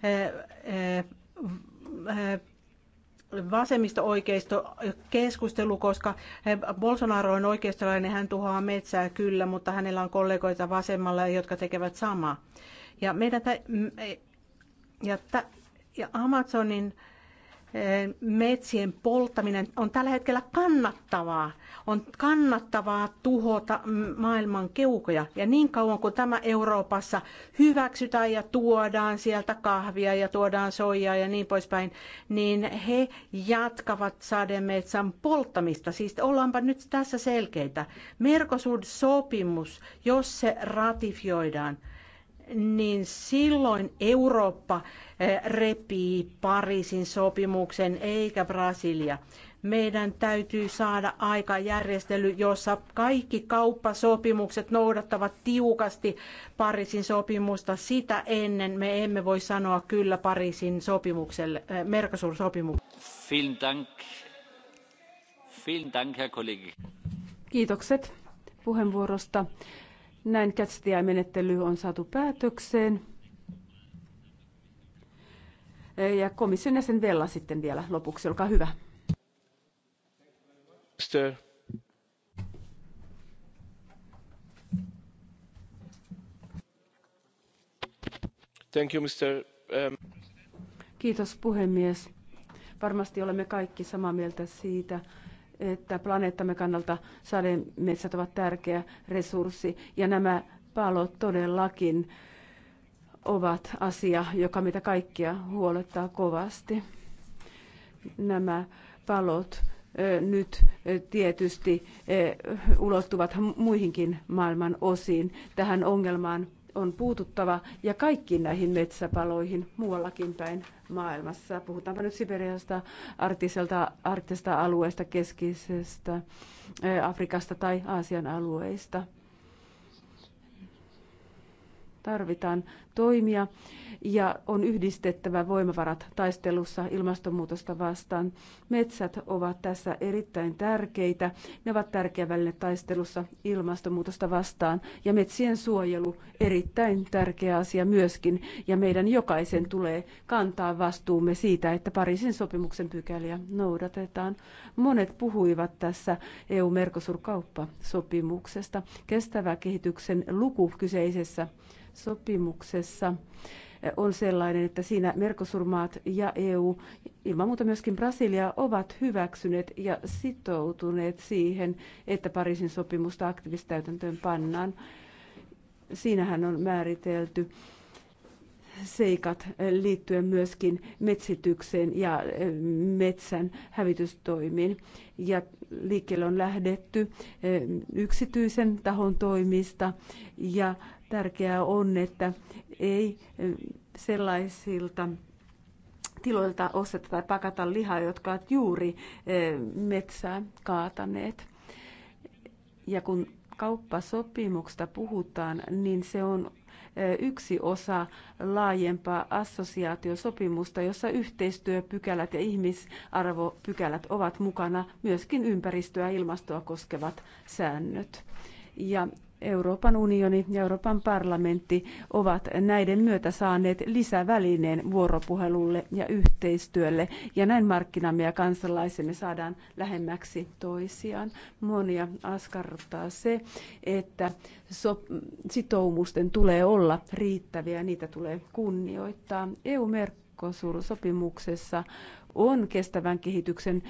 e, e, e, vasemmisto-oikeisto keskustelu, koska Bolsonaro on oikeistolainen, hän tuhoaa metsää kyllä, mutta hänellä on kollegoita vasemmalla, jotka tekevät samaa. Ja, meidän, ja, ja Amazonin metsien polttaminen on tällä hetkellä kannattavaa. On kannattavaa tuhota maailman keukoja. Ja niin kauan kuin tämä Euroopassa hyväksytään ja tuodaan sieltä kahvia ja tuodaan soijaa ja niin poispäin, niin he jatkavat sademetsän polttamista. Siis ollaanpa nyt tässä selkeitä. Merkosur-sopimus, jos se ratifioidaan, niin silloin Eurooppa eh, repii Pariisin sopimuksen eikä Brasilia. Meidän täytyy saada aika järjestely, jossa kaikki kauppasopimukset noudattavat tiukasti Pariisin sopimusta. Sitä ennen me emme voi sanoa kyllä Pariisin sopimukselle, äh, Mercosur-sopimukselle. Kiitokset puheenvuorosta. Näin catch-menettely on saatu päätökseen. Ja komission jäsen Vella sitten vielä lopuksi, olkaa hyvä. Sir. Thank you, Mr. Um... Kiitos puhemies. Varmasti olemme kaikki samaa mieltä siitä, että planeettamme kannalta sademetsät ovat tärkeä resurssi ja nämä palot todellakin ovat asia, joka mitä kaikkia huolettaa kovasti. Nämä palot nyt tietysti ulottuvat muihinkin maailman osiin. Tähän ongelmaan on puututtava ja kaikkiin näihin metsäpaloihin muuallakin päin maailmassa. Puhutaanpa nyt Siberiasta, arktiselta, arktisesta alueesta, keskisestä eh, Afrikasta tai Aasian alueista tarvitaan toimia ja on yhdistettävä voimavarat taistelussa ilmastonmuutosta vastaan. Metsät ovat tässä erittäin tärkeitä. Ne ovat tärkeä väline taistelussa ilmastonmuutosta vastaan ja metsien suojelu erittäin tärkeä asia myöskin. Ja meidän jokaisen tulee kantaa vastuumme siitä, että Pariisin sopimuksen pykäliä noudatetaan. Monet puhuivat tässä eu merkosur sopimuksesta Kestävä kehityksen luku kyseisessä sopimuksessa eh, on sellainen, että siinä Mercosurmaat ja EU, ilman muuta myöskin Brasilia, ovat hyväksyneet ja sitoutuneet siihen, että Pariisin sopimusta aktiivisesti täytäntöön pannaan. Siinähän on määritelty seikat liittyen myöskin metsitykseen ja eh, metsän hävitystoimiin. Ja liikkeelle on lähdetty eh, yksityisen tahon toimista ja Tärkeää on, että ei eh, sellaisilta tiloilta osteta tai pakata lihaa, jotka ovat juuri eh, metsää kaataneet. Ja kun kauppasopimuksesta puhutaan, niin se on eh, yksi osa laajempaa assosiaatiosopimusta, jossa yhteistyöpykälät ja ihmisarvopykälät ovat mukana, myöskin ympäristöä ja ilmastoa koskevat säännöt. Ja Euroopan unioni ja Euroopan parlamentti ovat näiden myötä saaneet lisävälineen vuoropuhelulle ja yhteistyölle, ja näin markkinamme ja kansalaisemme saadaan lähemmäksi toisiaan. Monia askarruttaa se, että sitoumusten tulee olla riittäviä ja niitä tulee kunnioittaa. EU-merkki Mercosur-sopimuksessa on kestävän kehityksen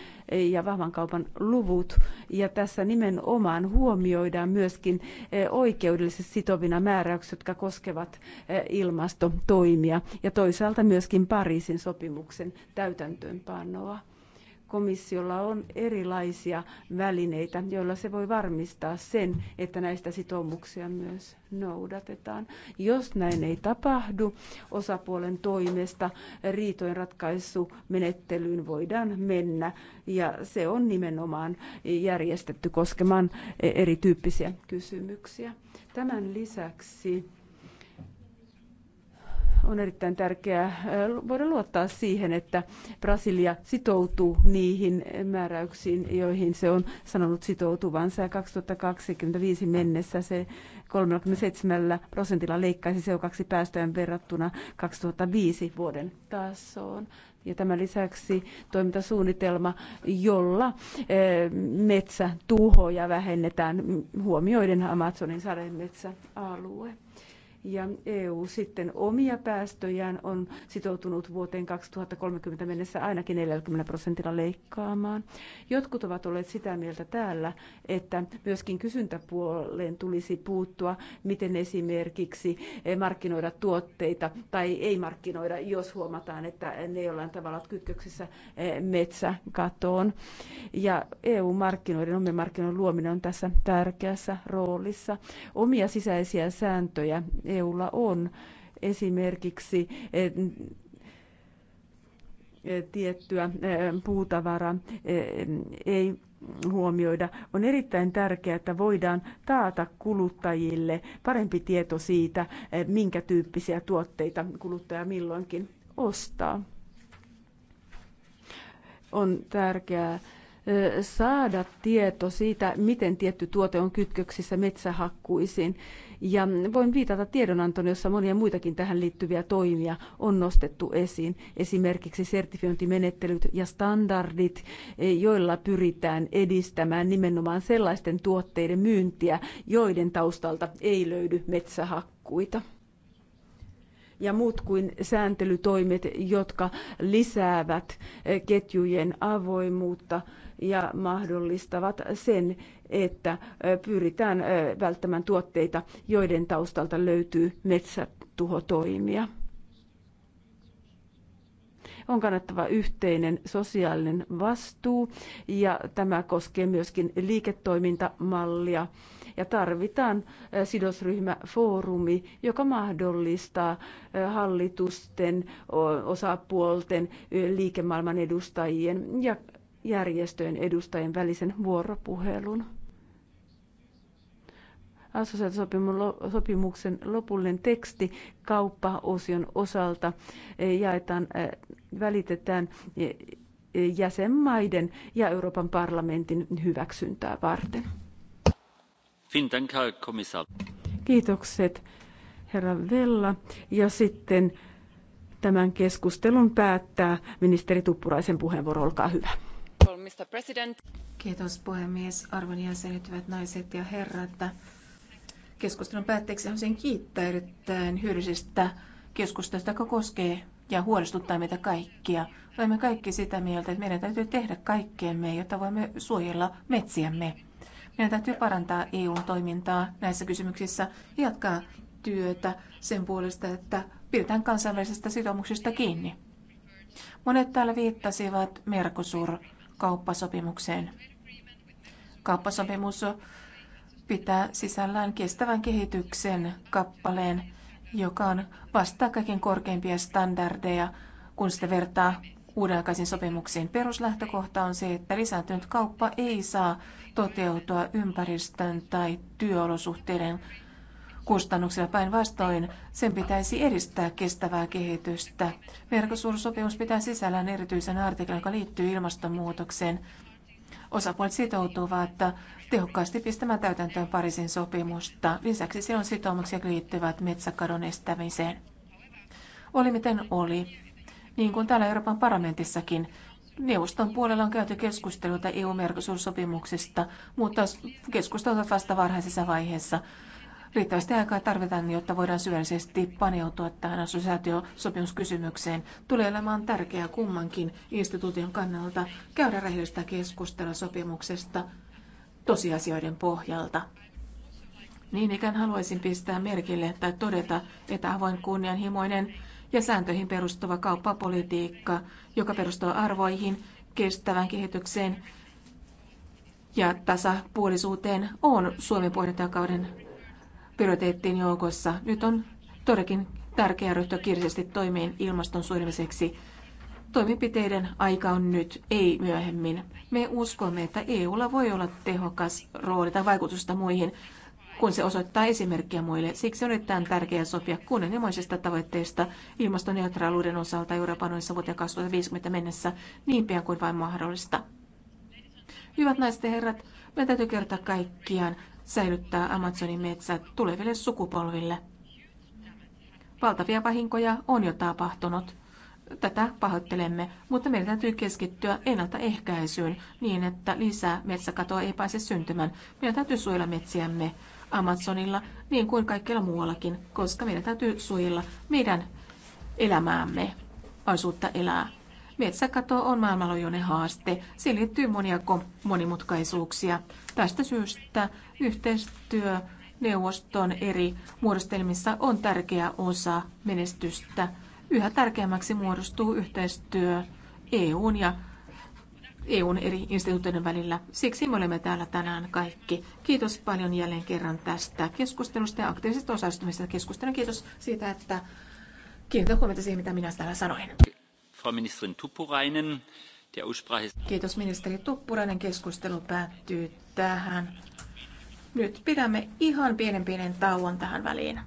ja vahvan kaupan luvut. Ja tässä nimenomaan huomioidaan myöskin eh, oikeudellisesti sitovina määräykset, jotka koskevat eh, ilmastotoimia ja toisaalta myöskin Pariisin sopimuksen täytäntöönpanoa komissiolla on erilaisia välineitä, joilla se voi varmistaa sen, että näistä sitoumuksia myös noudatetaan. Jos näin ei tapahdu osapuolen toimesta, riitojen ratkaisumenettelyyn voidaan mennä ja se on nimenomaan järjestetty koskemaan e-, erityyppisiä kysymyksiä. Tämän lisäksi on erittäin tärkeää äh, voida luottaa siihen, että Brasilia sitoutuu niihin määräyksiin, joihin se on sanonut sitoutuvansa. Ja 2025 mennessä se 37 prosentilla leikkaisi CO2-päästöjen verrattuna 2005 vuoden tasoon. Ja tämän lisäksi toimintasuunnitelma, jolla äh, metsätuhoja vähennetään huomioiden Amazonin sademetsäalue ja EU sitten omia päästöjään on sitoutunut vuoteen 2030 mennessä ainakin 40 prosentilla leikkaamaan. Jotkut ovat olleet sitä mieltä täällä, että myöskin kysyntäpuoleen tulisi puuttua, miten esimerkiksi markkinoida tuotteita tai ei markkinoida, jos huomataan, että ne jollain tavalla kytköksissä eh, metsäkatoon. Ja EU-markkinoiden, omien markkinoiden luominen on tässä tärkeässä roolissa. Omia sisäisiä sääntöjä EUlla on. Esimerkiksi eh, eh, tiettyä eh, puutavaraa ei huomioida. On erittäin tärkeää, että voidaan taata kuluttajille parempi tieto siitä, minkä tyyppisiä tuotteita kuluttaja milloinkin ostaa. On tärkeää, saada tieto siitä, miten tietty tuote on kytköksissä metsähakkuisiin. Ja voin viitata tiedonantoon, jossa monia muitakin tähän liittyviä toimia on nostettu esiin. Esimerkiksi sertifiointimenettelyt ja standardit, e, joilla pyritään edistämään nimenomaan sellaisten tuotteiden myyntiä, joiden taustalta ei löydy metsähakkuita ja muut kuin sääntelytoimet, jotka lisäävät e, ketjujen avoimuutta ja mahdollistavat sen, että pyritään välttämään tuotteita, joiden taustalta löytyy metsätuhotoimia. On kannattava yhteinen sosiaalinen vastuu ja tämä koskee myöskin liiketoimintamallia ja tarvitaan sidosryhmäfoorumi, joka mahdollistaa hallitusten, osapuolten, liikemaailman edustajien ja järjestöjen edustajien välisen vuoropuhelun. Assosiaatiosopimuksen lopullinen teksti kauppaosion osalta eh, jaetaan, eh, välitetään eh, jäsenmaiden ja Euroopan parlamentin hyväksyntää varten. Kiitokset herra Vella. Ja sitten tämän keskustelun päättää ministeri Tuppuraisen puheenvuoro. Olkaa hyvä. Mr. President. Kiitos puhemies, arvon jäsenet, hyvät naiset ja herrat. Keskustelun päätteeksi haluaisin kiittää erittäin hyödyllisestä keskustelusta, joka koskee ja huolestuttaa meitä kaikkia. Olemme kaikki sitä mieltä, että meidän täytyy tehdä kaikkeemme, jotta voimme suojella metsiämme. Meidän täytyy parantaa eu toimintaa näissä kysymyksissä ja jatkaa työtä sen puolesta, että pidetään kansainvälisistä sitoumuksista kiinni. Monet täällä viittasivat Mercosur kauppasopimukseen. Kauppasopimus pitää sisällään kestävän kehityksen kappaleen, joka on vastaa kaiken korkeimpia standardeja, kun sitä vertaa uudenaikaisiin sopimuksiin. Peruslähtökohta on se, että lisääntynyt kauppa ei saa toteutua ympäristön tai työolosuhteiden kustannuksilla. Päinvastoin sen pitäisi edistää kestävää kehitystä. Merkosuursopimus pitää sisällään erityisen artiklan, joka liittyy ilmastonmuutokseen. Osapuolet sitoutuvat tehokkaasti pistämään täytäntöön Pariisin sopimusta. Lisäksi se on sitoumuksia liittyvät metsäkadon estämiseen. Oli miten oli. Niin kuin täällä Euroopan parlamentissakin, Neuvoston puolella on käyty keskusteluita EU-merkosuussopimuksesta, mutta keskustelut vasta varhaisessa vaiheessa. Riittävästi aikaa tarvitaan, jotta voidaan syvällisesti paneutua tähän assosiaatiosopimuskysymykseen. Tulee olemaan tärkeää kummankin instituution kannalta käydä rehellistä keskustelua sopimuksesta tosiasioiden pohjalta. Niin ikään haluaisin pistää merkille tai todeta, että avoin kunnianhimoinen ja sääntöihin perustuva kauppapolitiikka, joka perustuu arvoihin, kestävään kehitykseen ja tasapuolisuuteen, on Suomen puheenjohtajakauden prioriteettien joukossa. Nyt on todellakin tärkeää ryhtyä kiireisesti toimeen ilmaston suojelmiseksi. Toimenpiteiden aika on nyt, ei myöhemmin. Me uskomme, että EUlla voi olla tehokas rooli tai vaikutusta muihin, kun se osoittaa esimerkkiä muille. Siksi on erittäin tärkeää sopia kunnianhimoisista tavoitteista ilmastoneutraaluuden osalta Euroopan unionissa vuoteen 2050 mennessä niin pian kuin vain mahdollista. Hyvät naiset ja herrat, meidän täytyy kertoa kaikkiaan säilyttää Amazonin metsät tuleville sukupolville. Valtavia vahinkoja on jo tapahtunut. Tätä pahoittelemme, mutta meidän täytyy keskittyä ennaltaehkäisyyn niin, että lisää metsäkatoa ei pääse syntymään. Meidän täytyy suojella metsiämme Amazonilla niin kuin kaikkialla muuallakin, koska meidän täytyy suojella meidän elämäämme, aisuutta elää. Metsäkato on maailmanlaajuinen haaste. Siihen liittyy monia monimutkaisuuksia. Tästä syystä yhteistyö neuvoston eri muodostelmissa on tärkeä osa menestystä. Yhä tärkeämmäksi muodostuu yhteistyö EUn ja EUn eri instituutioiden välillä. Siksi me olemme täällä tänään kaikki. Kiitos paljon jälleen kerran tästä keskustelusta ja aktiivisesta osallistumisesta keskusteluun. Kiitos siitä, että kiinnitän huomiota siihen, mitä minä täällä sanoin. Kiitos ministeri Tuppurainen. Keskustelu päättyy tähän. Nyt pidämme ihan pienen pienen tauon tähän väliin.